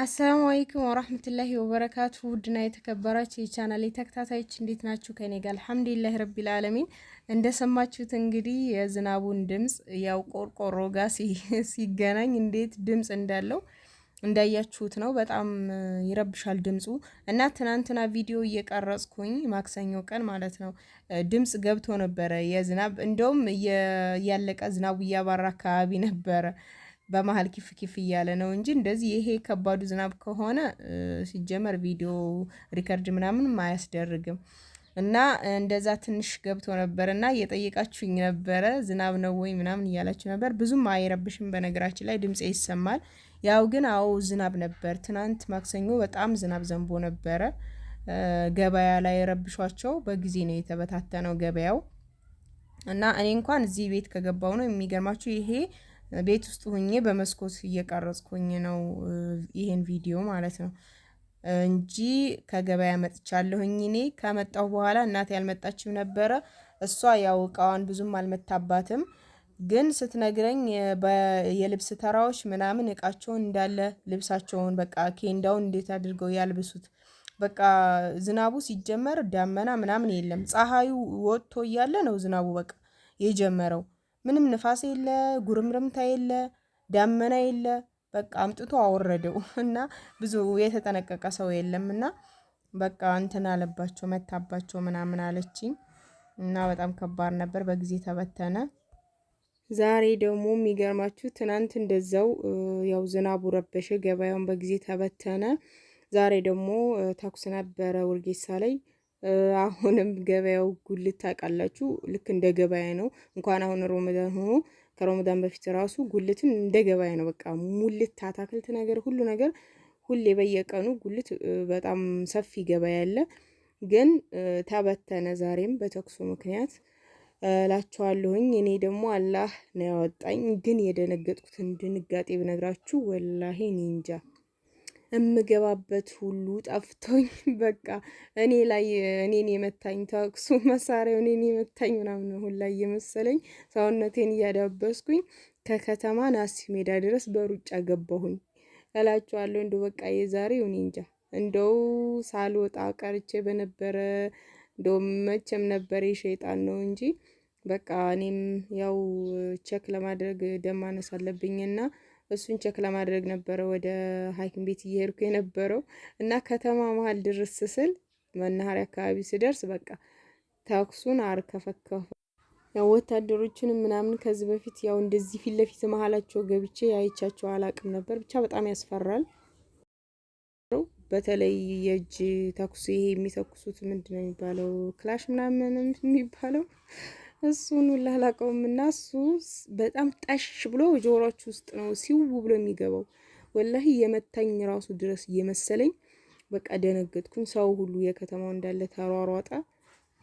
አሰላሙ አለይኩም ወራህመቱላሂ ወበረካቱ። ውድና የተከበራችሁ የቻናል ተከታታዮች እንዴት ናችሁ? ከኔ ጋር አልሐምዱሊላህ ረቢል አለሚን። እንደሰማችሁት እንግዲህ የዝናቡን ድምጽ ያው ቆርቆሮ ጋር ሲገናኝ እንዴት ድምፅ እንዳለው እንዳያችሁት ነው። በጣም ይረብሻል ድምፁ እና ትናንትና ቪዲዮ እየቀረጽኩኝ ማክሰኞ ቀን ማለት ነው ድምፅ ገብቶ ነበረ የዝናብ እንደውም ያለቀ ዝናቡ እያባራ አካባቢ ነበረ በመሀል ኪፍ ኪፍ እያለ ነው እንጂ እንደዚህ ይሄ ከባዱ ዝናብ ከሆነ ሲጀመር ቪዲዮ ሪከርድ ምናምን አያስደርግም። እና እንደዛ ትንሽ ገብቶ ነበር እና እየጠየቃችሁኝ ነበረ ዝናብ ነው ወይ ምናምን እያላችሁ ነበር። ብዙም አይረብሽም በነገራችን ላይ ድምፄ ይሰማል። ያው ግን አዎ ዝናብ ነበር። ትናንት ማክሰኞ በጣም ዝናብ ዘንቦ ነበረ። ገበያ ላይ ረብሿቸው በጊዜ ነው የተበታተነው ገበያው እና እኔ እንኳን እዚህ ቤት ከገባው ነው የሚገርማችሁ ይሄ ቤት ውስጥ ሁኜ በመስኮት እየቀረጽኩኝ ነው ይሄን ቪዲዮ ማለት ነው እንጂ ከገበያ መጥቻለሁኝ። እኔ ከመጣሁ በኋላ እናቴ ያልመጣችም ነበረ። እሷ ያው እቃዋን ብዙም አልመታባትም፣ ግን ስትነግረኝ የልብስ ተራዎች ምናምን እቃቸውን እንዳለ ልብሳቸውን በቃ ኬንዳውን እንዴት አድርገው ያልብሱት በቃ ዝናቡ ሲጀመር ዳመና ምናምን የለም። ፀሐዩ ወጥቶ እያለ ነው ዝናቡ በቃ የጀመረው። ምንም ንፋስ የለ፣ ጉርምርምታ የለ፣ ዳመና የለ። በቃ አምጥቶ አወረደው እና ብዙ የተጠነቀቀ ሰው የለም እና በቃ እንትን አለባቸው መታባቸው ምናምን አለችኝ እና በጣም ከባድ ነበር። በጊዜ ተበተነ። ዛሬ ደግሞ የሚገርማችሁ ትናንት እንደዛው ያው ዝናቡ ረበሸ፣ ገበያውን በጊዜ ተበተነ። ዛሬ ደግሞ ተኩስ ነበረ ውርጌሳ ላይ አሁንም ገበያው ጉልት ታውቃላችሁ። ልክ እንደ ገበያ ነው። እንኳን አሁን ሮመዳን ሆኖ ከሮመዳን በፊት ራሱ ጉልትን እንደ ገበያ ነው። በቃ ሙልት አታክልት ነገር ሁሉ ነገር ሁሌ በየቀኑ ጉልት በጣም ሰፊ ገበያ ያለ ግን ተበተነ። ዛሬም በተኩሱ ምክንያት እላችኋለሁኝ። እኔ ደግሞ አላህ ነው ያወጣኝ። ግን የደነገጥኩትን ድንጋጤ ብነግራችሁ ወላሂ እኔ እንጃ የምገባበት ሁሉ ጠፍቶኝ በቃ እኔ ላይ እኔን የመታኝ ተኩሱ መሳሪያው እኔን የመታኝ ምናምን ላይ የመሰለኝ ሰውነቴን እያዳበስኩኝ ከከተማ ናሲ ሜዳ ድረስ በሩጫ ገባሁኝ እላችኋለሁ። እንደው በቃ የዛሬው እኔ እንጃ እንደው ሳልወጣ ቀርቼ በነበረ እንደው መቼም ነበር የሸይጣን ነው እንጂ በቃ እኔም ያው ቼክ ለማድረግ ደም ማነስ አለብኝና እሱን ቸክ ለማድረግ ነበረ ወደ ሐኪም ቤት እየሄድኩ የነበረው እና ከተማ መሀል ድርስ ስል መናኸሪያ አካባቢ ስደርስ በቃ ተኩሱን አርከፈከፈ። ያው ወታደሮችንም ምናምን ከዚህ በፊት ያው እንደዚህ ፊት ለፊት መሀላቸው ገብቼ ያይቻቸው አላቅም ነበር። ብቻ በጣም ያስፈራል። በተለይ የእጅ ተኩስ ይሄ የሚተኩሱት ምንድን ነው የሚባለው? ክላሽ ምናምን የሚባለው እሱን ሁላ አላውቀውም እና እሱ በጣም ጠሽ ብሎ ጆሮች ውስጥ ነው ሲው ብሎ የሚገባው። ወላሂ የመታኝ ራሱ ድረስ እየመሰለኝ በቃ ደነገጥኩኝ። ሰው ሁሉ የከተማው እንዳለ ተሯሯጠ።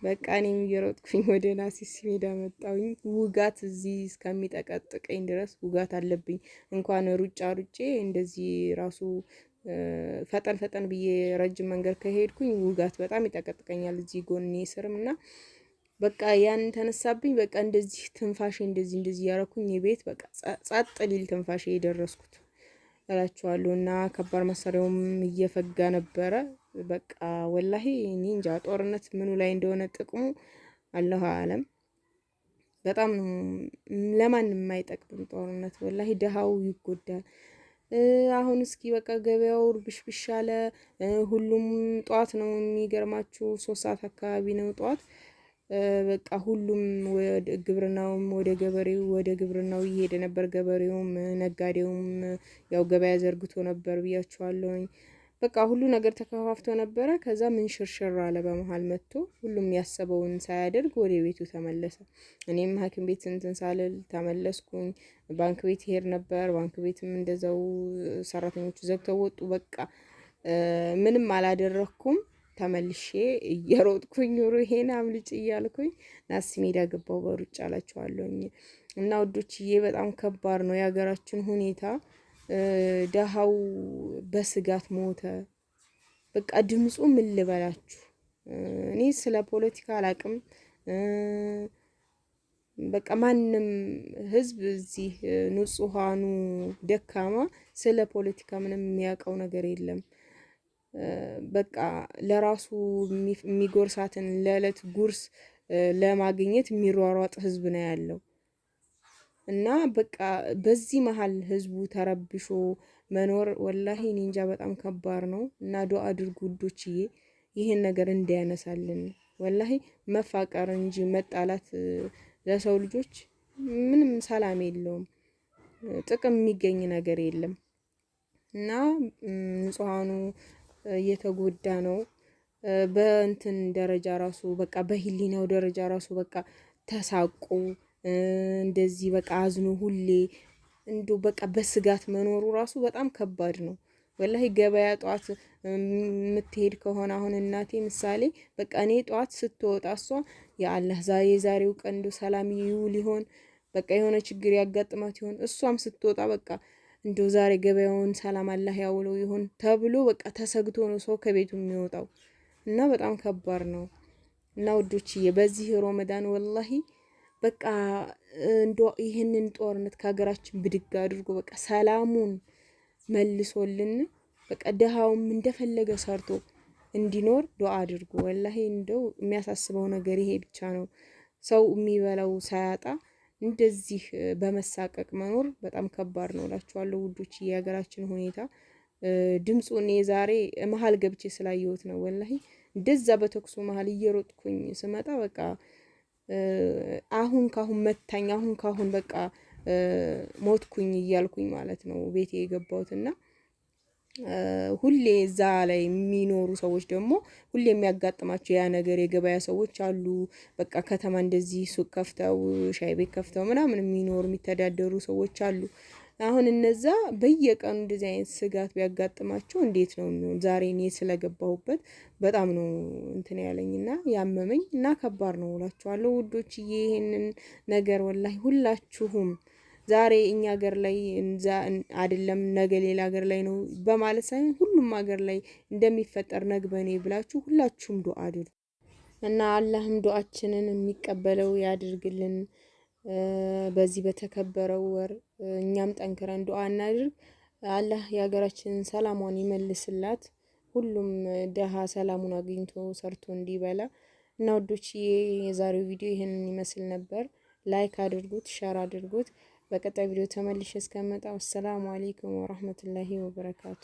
በቃ እኔም እየሮጥኩኝ ወደ ናሲስ ሜዳ መጣሁኝ። ውጋት እዚህ እስከሚጠቀጥቀኝ ድረስ ውጋት አለብኝ። እንኳን ሩጫ ሩጬ እንደዚህ ራሱ ፈጠን ፈጠን ብዬ ረጅም መንገድ ከሄድኩኝ ውጋት በጣም ይጠቀጥቀኛል እዚህ ጎኔ ስርም እና በቃ ያን ተነሳብኝ። በቃ እንደዚህ ትንፋሽ እንደዚህ እንደዚህ ያረኩኝ የቤት በቃ ጸጥ ሊል ትንፋሽ የደረስኩት እላችኋለሁ። እና ከባድ መሳሪያውም እየፈጋ ነበረ። በቃ ወላሂ እኔ እንጃ ጦርነት ምኑ ላይ እንደሆነ ጥቅሙ አላሁ አለም። በጣም ለማንም የማይጠቅም ጦርነት ወላሂ፣ ድሃው ይጎዳል። አሁን እስኪ በቃ ገበያው ብሽብሽ አለ። ሁሉም ጠዋት ነው የሚገርማችሁ፣ ሶስት ሰዓት አካባቢ ነው ጠዋት በቃ ሁሉም ወደ ግብርናውም ወደ ገበሬው ወደ ግብርናው እየሄደ ነበር። ገበሬውም ነጋዴውም ያው ገበያ ዘርግቶ ነበር ብያቸዋለሁኝ። በቃ ሁሉ ነገር ተከፋፍቶ ነበረ። ከዛ ምን ሽርሽር አለ በመሀል መጥቶ ሁሉም ያሰበውን ሳያደርግ ወደ ቤቱ ተመለሰ። እኔም ሐኪም ቤት ስንትን ሳልል ተመለስኩኝ። ባንክ ቤት ይሄድ ነበር። ባንክ ቤትም እንደዛው ሰራተኞቹ ዘግተው ወጡ። በቃ ምንም አላደረግኩም። ተመልሼ እየሮጥኩኝ ሩሄን አምልጭ እያልኩኝ ናስ ሜዳ ገባው በሩጭ አላቸዋለሁኝ። እና ውዶችዬ በጣም ከባድ ነው የሀገራችን ሁኔታ። ደሃው በስጋት ሞተ። በቃ ድምፁ ምን ልበላችሁ፣ እኔ ስለ ፖለቲካ አላቅም። በቃ ማንም ህዝብ እዚህ ንጹሃኑ ደካማ ስለ ፖለቲካ ምንም የሚያውቀው ነገር የለም። በቃ ለራሱ የሚጎርሳትን ለዕለት ጉርስ ለማግኘት የሚሯሯጥ ህዝብ ነው ያለው እና በቃ በዚህ መሀል ህዝቡ ተረብሾ መኖር ወላሂ እኔ እንጃ በጣም ከባድ ነው እና ዶ አድርጉ ውዶችዬ፣ ይህን ነገር እንዲያነሳልን። ወላሂ መፋቀር እንጂ መጣላት ለሰው ልጆች ምንም ሰላም የለውም፣ ጥቅም የሚገኝ ነገር የለም እና ንጹሐኑ እየተጎዳ ነው። በእንትን ደረጃ ራሱ በቃ በህሊናው ደረጃ ራሱ በቃ ተሳቁ እንደዚህ በቃ አዝኖ ሁሌ እንዶ በቃ በስጋት መኖሩ ራሱ በጣም ከባድ ነው። ወላሂ ገበያ ጠዋት የምትሄድ ከሆነ አሁን እናቴ ምሳሌ በቃ እኔ ጠዋት ስትወጣ እሷ የአላህ ዛሬ ዛሬው ቀንዶ ሰላም ይውል ይሆን በቃ የሆነ ችግር ያጋጥማት ይሆን እሷም ስትወጣ በቃ እንደው ዛሬ ገበያውን ሰላም አላህ ያውለው ይሆን ተብሎ በቃ ተሰግቶ ነው ሰው ከቤቱ የሚወጣው እና በጣም ከባድ ነው። እና ውዶችዬ በዚህ ሮመዳን ወላሂ በቃ እንዶ ይህንን ጦርነት ከሀገራችን ብድግ አድርጎ በቃ ሰላሙን መልሶልን በቃ ድሃውም እንደፈለገ ሰርቶ እንዲኖር ዱአ አድርጎ ወላሂ እንደው የሚያሳስበው ነገር ይሄ ብቻ ነው። ሰው የሚበላው ሳያጣ እንደዚህ በመሳቀቅ መኖር በጣም ከባድ ነው እላችኋለሁ ውዶች። የሀገራችን ሁኔታ ድምፁ እኔ ዛሬ መሀል ገብቼ ስላየሁት ነው ወላሂ። እንደዛ በተኩሱ መሀል እየሮጥኩኝ ስመጣ በቃ አሁን ካሁን መታኝ፣ አሁን ካሁን በቃ ሞትኩኝ እያልኩኝ ማለት ነው ቤቴ የገባሁት እና ሁሌ እዛ ላይ የሚኖሩ ሰዎች ደግሞ ሁሌ የሚያጋጥማቸው ያ ነገር የገበያ ሰዎች አሉ። በቃ ከተማ እንደዚህ ሱቅ ከፍተው ሻይ ቤት ከፍተው ምናምን የሚኖሩ የሚተዳደሩ ሰዎች አሉ። አሁን እነዛ በየቀኑ እንደዚህ አይነት ስጋት ቢያጋጥማቸው እንዴት ነው የሚሆን? ዛሬ እኔ ስለገባሁበት በጣም ነው እንትን ያለኝና ያመመኝ እና ከባድ ነው እላችኋለሁ ውዶችዬ። ይሄንን ነገር ወላሂ ሁላችሁም ዛሬ እኛ ሀገር ላይ አይደለም ነገ ሌላ ሀገር ላይ ነው በማለት ሳይሆን ሁሉም ሀገር ላይ እንደሚፈጠር ነግ በኔ ብላችሁ ሁላችሁም ዱአ አድርጉ እና አላህም ዱአችንን የሚቀበለው ያድርግልን። በዚህ በተከበረው ወር እኛም ጠንክረን ዱአ እናድርግ። አላህ የሀገራችንን ሰላሟን ይመልስላት። ሁሉም ደሃ ሰላሙን አግኝቶ ሰርቶ እንዲበላ እና ወዶች የዛሬው ቪዲዮ ይህንን ይመስል ነበር። ላይክ አድርጉት፣ ሸር አድርጉት። በቀጣይ ቪዲዮ ተመልሼ እስከመጣ አሰላሙ አሌይኩም ወረህመቱላሂ ወበረካቱ።